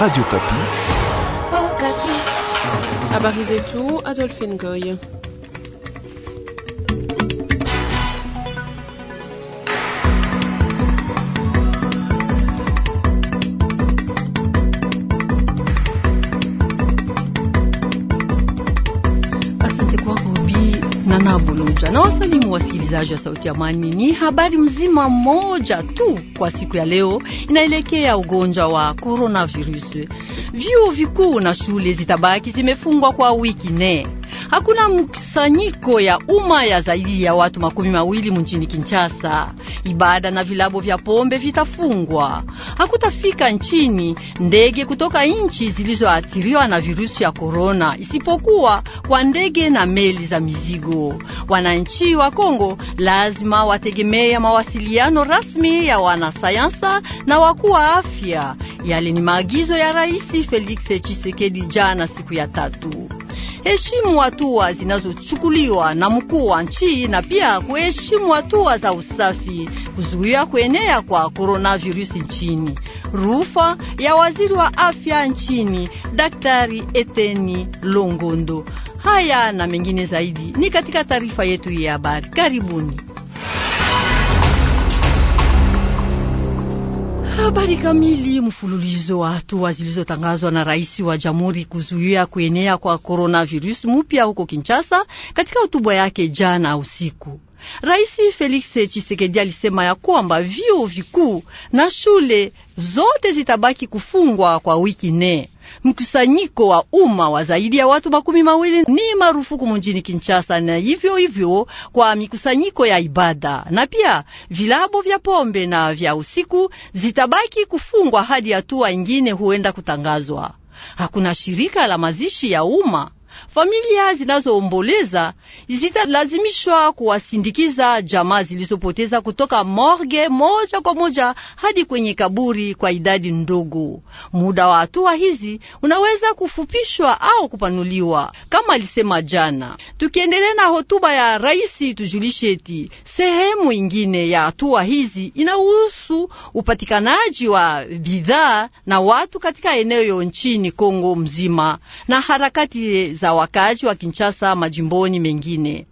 Radio Kapi. Habari tout, Adolphe Goy. Bwana Bulonja na wasalimu wasikilizaji wa Sauti ya Amani. Ni habari mzima moja tu kwa siku ya leo, inaelekea ugonjwa wa coronavirus. Vyuo vikuu na shule zitabaki zimefungwa kwa wiki nne hakuna mkusanyiko ya umma ya zaidi ya watu makumi mawili mjini Kinshasa. Ibada na vilabu vya pombe vitafungwa. Hakutafika nchini ndege kutoka nchi zilizoathiriwa na virusi ya korona, isipokuwa kwa ndege na meli za mizigo. Wananchi wa Kongo lazima wategemea mawasiliano rasmi ya wanasayansa na wakuu wa afya. Yale ni maagizo ya Rais Felix Tshisekedi jana siku ya tatu heshimu hatua zinazochukuliwa na mkuu wa nchi na pia kuheshimu hatua za usafi kuzuia kuenea kwa koronavirusi nchini. Rufa ya waziri wa afya nchini Daktari Eteni Longondo. Haya na mengine zaidi ni katika taarifa yetu ya habari. Karibuni. Habari kamili. Mfululizo wa hatua zilizotangazwa na rais wa jamhuri kuzuia kuenea kwa coronavirus mupya huko Kinshasa. Katika hotuba yake jana usiku, Rais Felix Tshisekedi alisema ya kwamba vyuo vikuu na shule zote zitabaki kufungwa kwa wiki nne mkusanyiko wa umma wa zaidi ya watu makumi mawili ni marufuku mjini Kinshasa, na hivyo hivyo kwa mikusanyiko ya ibada, na pia vilabo vya pombe na vya usiku zitabaki kufungwa hadi hatua ingine huenda kutangazwa. Hakuna shirika la mazishi ya umma familia zinazoomboleza zitalazimishwa kuwasindikiza jamaa zilizopoteza kutoka morge moja kwa moja hadi kwenye kaburi kwa idadi ndogo. Muda wa hatua hizi unaweza kufupishwa au kupanuliwa kama alisema jana. Tukiendelea na hotuba ya rais, tujulishe eti sehemu ingine ya hatua hizi inahusu upatikanaji wa bidhaa na watu katika eneo nchini Kongo mzima na harakati za na wakazi wa Kinshasa majimboni mengine.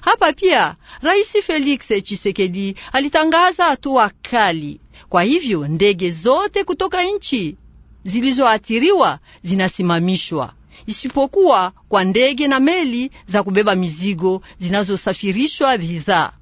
Hapa pia Rais Felix Tshisekedi alitangaza hatua kali. Kwa hivyo ndege zote kutoka nchi zilizoathiriwa zinasimamishwa isipokuwa kwa ndege na meli za kubeba mizigo zinazosafirishwa bidhaa.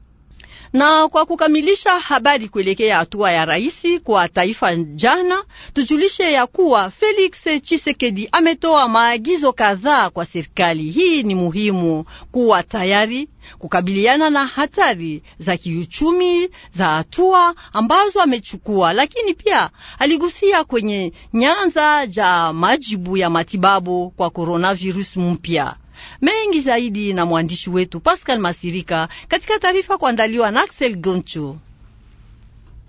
Na kwa kukamilisha habari kuelekea hatua ya rais kwa taifa jana, tujulishe ya kuwa Felix Chisekedi ametoa maagizo kadhaa kwa serikali. Hii ni muhimu kuwa tayari kukabiliana na hatari za kiuchumi za hatua ambazo amechukua, lakini pia aligusia kwenye nyanza ja majibu ya matibabu kwa coronavirus mpya mengi zaidi na mwandishi wetu Pascal Masirika katika taarifa kuandaliwa na Axel Gonchu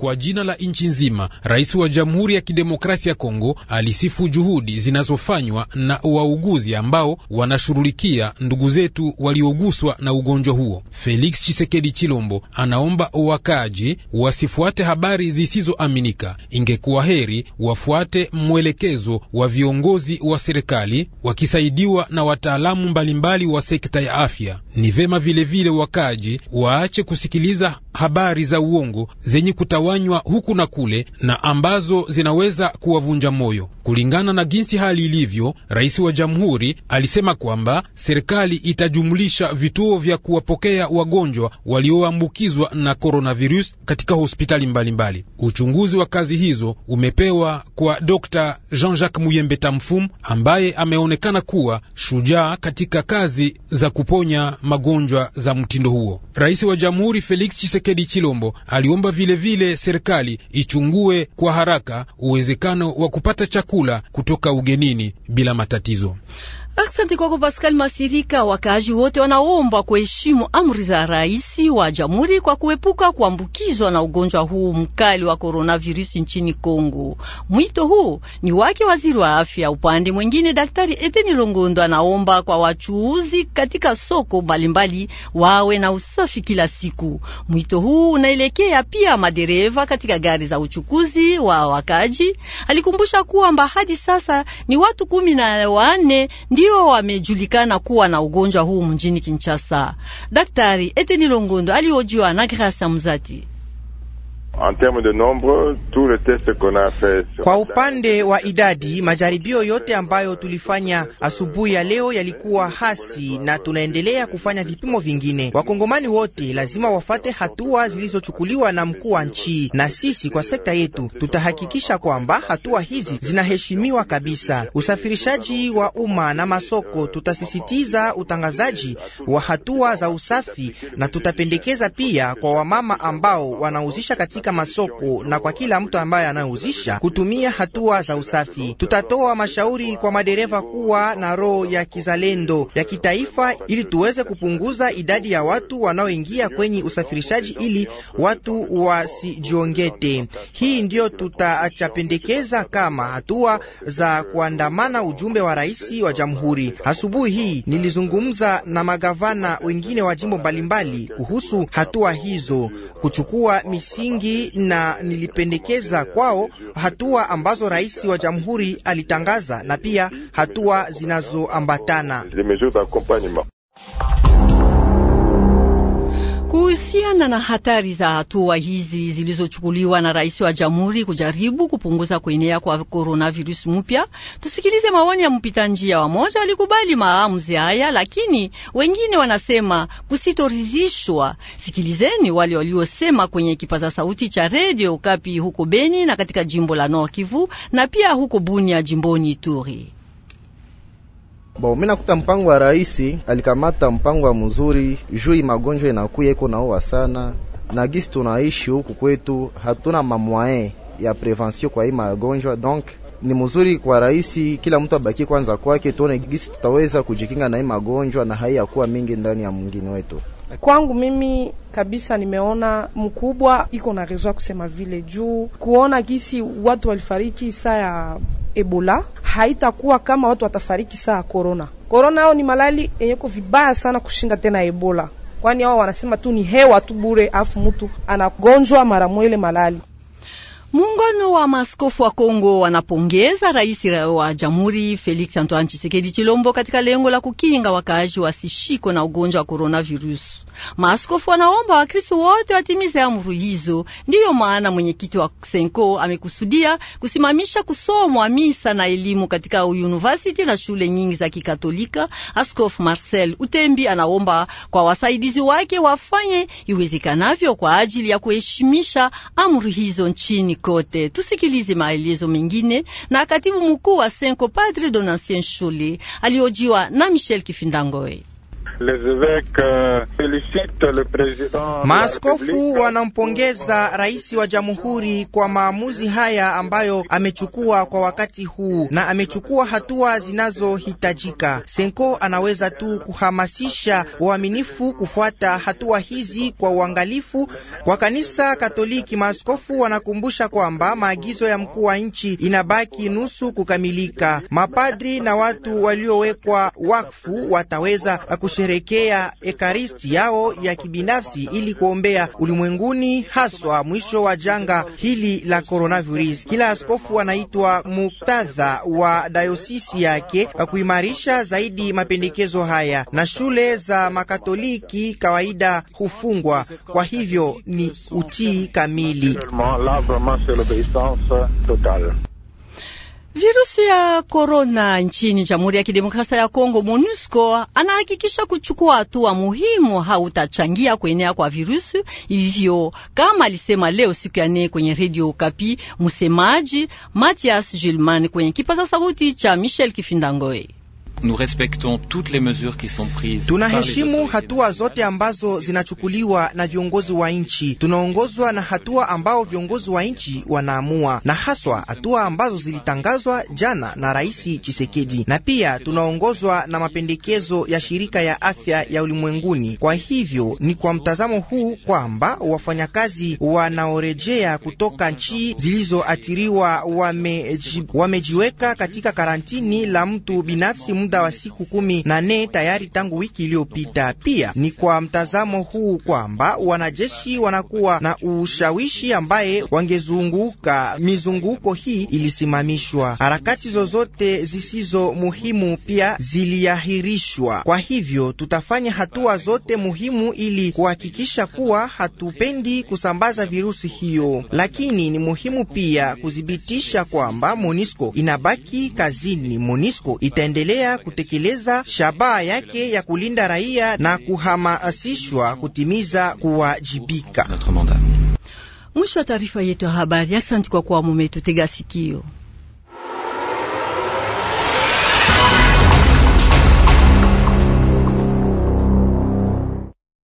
kwa jina la nchi nzima, rais wa Jamhuri ya Kidemokrasia ya Kongo alisifu juhudi zinazofanywa na wauguzi ambao wanashughulikia ndugu zetu walioguswa na ugonjwa huo. Felix Chisekedi Chilombo anaomba wakaaji wasifuate habari zisizoaminika. Ingekuwa heri wafuate mwelekezo wa viongozi wa serikali wakisaidiwa na wataalamu mbalimbali wa sekta ya afya. Ni vema vilevile wakaaji waache kusikiliza habari za uongo zenye kutawa kugawanywa huku na kule na ambazo zinaweza kuwavunja moyo. Kulingana na jinsi hali ilivyo, rais wa jamhuri alisema kwamba serikali itajumlisha vituo vya kuwapokea wagonjwa walioambukizwa na coronavirus katika hospitali mbalimbali mbali. Uchunguzi wa kazi hizo umepewa kwa Dr. Jean-Jacques Muyembe Tamfum ambaye ameonekana kuwa shujaa katika kazi za kuponya magonjwa za mtindo huo. Rais wa jamhuri Felix chisekedi Chilombo aliomba vilevile serikali ichungue kwa haraka uwezekano wa kupata chakula chakula kutoka ugenini bila matatizo. Asante kwako Pascal Masirika. Wakaaji wote wanaombwa kuheshimu amri za rais wa jamhuri kwa kuepuka kuambukizwa na ugonjwa huu mkali wa koronavirusi nchini Kongo. Mwito huu ni wake waziri wa afya. Upande mwingine, Daktari eteni Longondo anaomba kwa wachuuzi katika soko mbalimbali wawe na usafi kila siku. Mwito huu unaelekea pia madereva katika gari za uchukuzi wa wakaaji. Alikumbusha kuwamba hadi sasa ni watu kumi na wanne ndio wamejulikana kuwa na ugonjwa huu mjini Kinshasa. Daktari Eteni Longondo aliojiwa na Grasa Mzati kwa upande wa idadi, majaribio yote ambayo euh, tulifanya asubuhi ya leo yalikuwa hasi na tunaendelea kufanya vipimo vingine. Wakongomani wote lazima wafate hatua zilizochukuliwa na mkuu wa nchi, na sisi kwa sekta yetu tutahakikisha kwamba hatua hizi zinaheshimiwa kabisa. Usafirishaji wa umma na masoko, tutasisitiza utangazaji wa hatua za usafi na tutapendekeza pia kwa wamama ambao wanauzisha katika katika masoko na kwa kila mtu ambaye anahuzisha kutumia hatua za usafi. Tutatoa mashauri kwa madereva kuwa na roho ya kizalendo ya kitaifa, ili tuweze kupunguza idadi ya watu wanaoingia kwenye usafirishaji ili watu wasijiongete. Hii ndiyo tutachapendekeza kama hatua za kuandamana ujumbe wa rais wa jamhuri. Asubuhi hii nilizungumza na magavana wengine wa jimbo mbalimbali kuhusu hatua hizo kuchukua misingi hii na nilipendekeza kwao hatua ambazo rais wa jamhuri alitangaza na pia hatua zinazoambatana. Kuhusiana na hatari za hatua hizi zilizochukuliwa na rais wa jamhuri kujaribu kupunguza kuenea kwa koronavirusi mpya, tusikilize maoni ya mpita njia. moja. walikubali maamuzi haya, lakini wengine wanasema kusitorizishwa Sikilizeni wale waliosema kwenye kipaza sauti cha redio Kapi huko Beni na katika jimbo la Nord Kivu na pia huko Bunia jimboni Ituri. Bon, mimi nakuta mpango wa rais alikamata mpango wa mzuri juu magonjwa inakuya iko naowa sana, na gisi tunaishi huku kwetu hatuna mamwae ya prevention kwa hii magonjwa donc ni mzuri kwa rais, kila mtu abaki kwanza kwake, tuone gisi tutaweza kujikinga na hii magonjwa na hai yakuwa mingi ndani ya mwingine wetu. Kwangu mimi kabisa, nimeona mkubwa iko na rezo kusema vile juu kuona gisi watu walifariki saa ya Ebola haitakuwa kama watu watafariki saa korona. Korona ao ni malali enyeko vibaya sana kushinda tena Ebola, kwani hao wanasema tu ni hewa tu bure, afu mtu anagonjwa mara mwele malali. Muungano wa maskofu wa Kongo wanapongeza rais wa jamhuri Felix Antoine chisekedi Chilombo katika lengo la kukinga wakaaji wasishiko na ugonjwa wa coronavirus. Maaskofu wanaomba Wakristo wote watimize amri hizo. Ndiyo maana mwenyekiti wa Senko amekusudia kusimamisha kusomwa misa na elimu katika university na shule nyingi za Kikatolika. Askofu Marcel Utembi anaomba kwa wasaidizi wake wafanye iwezekanavyo kwa ajili ya kuheshimisha amri hizo nchini kote. Tusikilize maelezo mengine na katibu mkuu wa Senko Padre Donatien Shule aliojiwa na Michel Kifindangoe les évêques euh, félicitent le président. Maaskofu wanampongeza rais wa jamhuri kwa maamuzi haya ambayo amechukua kwa wakati huu na amechukua hatua zinazohitajika. Senko anaweza tu kuhamasisha waaminifu kufuata hatua hizi kwa uangalifu. Kwa kanisa Katoliki, maaskofu wanakumbusha kwamba maagizo ya mkuu wa nchi inabaki nusu kukamilika. Mapadri na watu waliowekwa wakfu wataweza kushiriki kusherekea ekaristi yao ya kibinafsi ili kuombea ulimwenguni, haswa mwisho wa janga hili la coronavirus. Kila askofu anaitwa muktadha wa dayosisi yake wa kuimarisha zaidi mapendekezo haya, na shule za makatoliki kawaida hufungwa. Kwa hivyo ni utii kamili. Virusi ya korona nchini Jamhuri ya Kidemokrasia ya Kongo, MONUSCO anahakikisha kuchukua hatua muhimu hautachangia kuenea kwa virusi hivyo, kama alisema leo siku ya nne kwenye redio Kapi msemaji Matias Gilman kwenye kipaza sauti cha Michel Kifindangoe. Tunaheshimu hatua zote ambazo zinachukuliwa na viongozi wa nchi. Tunaongozwa na hatua ambao viongozi wa nchi wanaamua, na haswa hatua ambazo zilitangazwa jana na Rais Chisekedi, na pia tunaongozwa na mapendekezo ya Shirika ya Afya ya Ulimwenguni. Kwa hivyo ni kwa mtazamo huu kwamba wafanyakazi wanaorejea kutoka nchi zilizoathiriwa wamejiweka katika karantini la mtu binafsi muda wa siku kumi na nne tayari tangu wiki iliyopita. Pia ni kwa mtazamo huu kwamba wanajeshi wanakuwa na ushawishi ambaye wangezunguka mizunguko hii ilisimamishwa. Harakati zozote zisizo muhimu pia ziliahirishwa. Kwa hivyo tutafanya hatua zote muhimu ili kuhakikisha kuwa hatupendi kusambaza virusi hiyo, lakini ni muhimu pia kuzibitisha kwamba MONUSCO inabaki kazini. MONUSCO itaendelea kutekeleza shabaha yake ya kulinda raia na kuhamasishwa kutimiza kuwajibika. Mwisho wa taarifa yetu ya habari. Asante kwa kuwa mumetutega sikio.